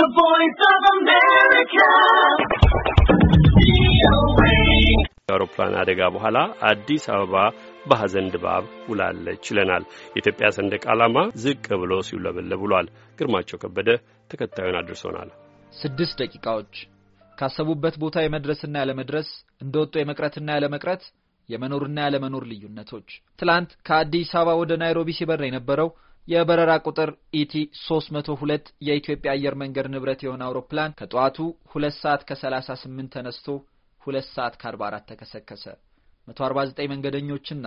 The voice of America. የአውሮፕላን አደጋ በኋላ አዲስ አበባ በሐዘን ድባብ ውላለች ይለናል። የኢትዮጵያ ሰንደቅ ዓላማ ዝቅ ብሎ ሲውለበለብ ውሏል። ግርማቸው ከበደ ተከታዩን አድርሶናል። ስድስት ደቂቃዎች ካሰቡበት ቦታ የመድረስና ያለመድረስ እንደ ወጡ የመቅረትና ያለመቅረት የመኖርና ያለመኖር ልዩነቶች ትላንት ከአዲስ አበባ ወደ ናይሮቢ ሲበር የነበረው የበረራ ቁጥር ኢቲ 302 የኢትዮጵያ አየር መንገድ ንብረት የሆነ አውሮፕላን ከጠዋቱ 2 ሰዓት ከ38 ተነስቶ 2 ሰዓት ከ44 ተከሰከሰ። 149 መንገደኞችና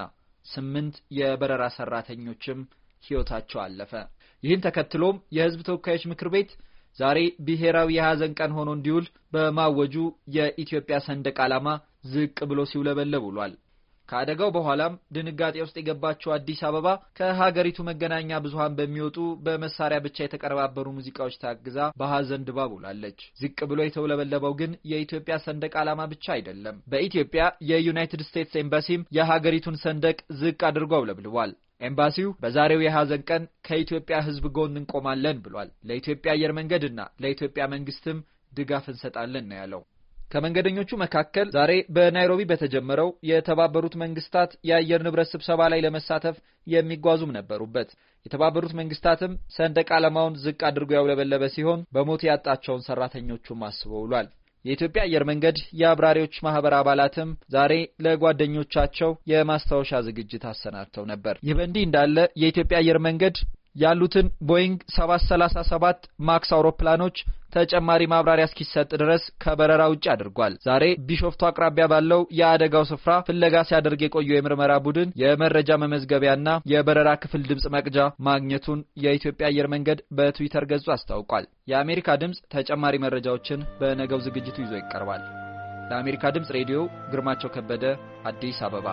8 የበረራ ሰራተኞችም ሕይወታቸው አለፈ። ይህን ተከትሎም የሕዝብ ተወካዮች ምክር ቤት ዛሬ ብሔራዊ የሐዘን ቀን ሆኖ እንዲውል በማወጁ የኢትዮጵያ ሰንደቅ ዓላማ ዝቅ ብሎ ሲውለበለብ ውሏል። ከአደጋው በኋላም ድንጋጤ ውስጥ የገባቸው አዲስ አበባ ከሀገሪቱ መገናኛ ብዙሀን በሚወጡ በመሳሪያ ብቻ የተቀነባበሩ ሙዚቃዎች ታግዛ በሀዘን ድባብ ውላለች። ዝቅ ብሎ የተውለበለበው ግን የኢትዮጵያ ሰንደቅ ዓላማ ብቻ አይደለም። በኢትዮጵያ የዩናይትድ ስቴትስ ኤምባሲም የሀገሪቱን ሰንደቅ ዝቅ አድርጎ አውለብልቧል። ኤምባሲው በዛሬው የሀዘን ቀን ከኢትዮጵያ ሕዝብ ጎን እንቆማለን ብሏል። ለኢትዮጵያ አየር መንገድና ለኢትዮጵያ መንግስትም ድጋፍ እንሰጣለን ነው ያለው። ከመንገደኞቹ መካከል ዛሬ በናይሮቢ በተጀመረው የተባበሩት መንግስታት የአየር ንብረት ስብሰባ ላይ ለመሳተፍ የሚጓዙም ነበሩበት። የተባበሩት መንግስታትም ሰንደቅ ዓላማውን ዝቅ አድርጎ ያውለበለበ ሲሆን በሞት ያጣቸውን ሰራተኞቹም አስቦ ውሏል። የኢትዮጵያ አየር መንገድ የአብራሪዎች ማህበር አባላትም ዛሬ ለጓደኞቻቸው የማስታወሻ ዝግጅት አሰናድተው ነበር። ይህ በእንዲህ እንዳለ የኢትዮጵያ አየር መንገድ ያሉትን ቦይንግ 737 ማክስ አውሮፕላኖች ተጨማሪ ማብራሪያ እስኪሰጥ ድረስ ከበረራ ውጭ አድርጓል። ዛሬ ቢሾፍቱ አቅራቢያ ባለው የአደጋው ስፍራ ፍለጋ ሲያደርግ የቆየው የምርመራ ቡድን የመረጃ መመዝገቢያና የበረራ ክፍል ድምፅ መቅጃ ማግኘቱን የኢትዮጵያ አየር መንገድ በትዊተር ገጹ አስታውቋል። የአሜሪካ ድምፅ ተጨማሪ መረጃዎችን በነገው ዝግጅቱ ይዞ ይቀርባል። ለአሜሪካ ድምፅ ሬዲዮ ግርማቸው ከበደ አዲስ አበባ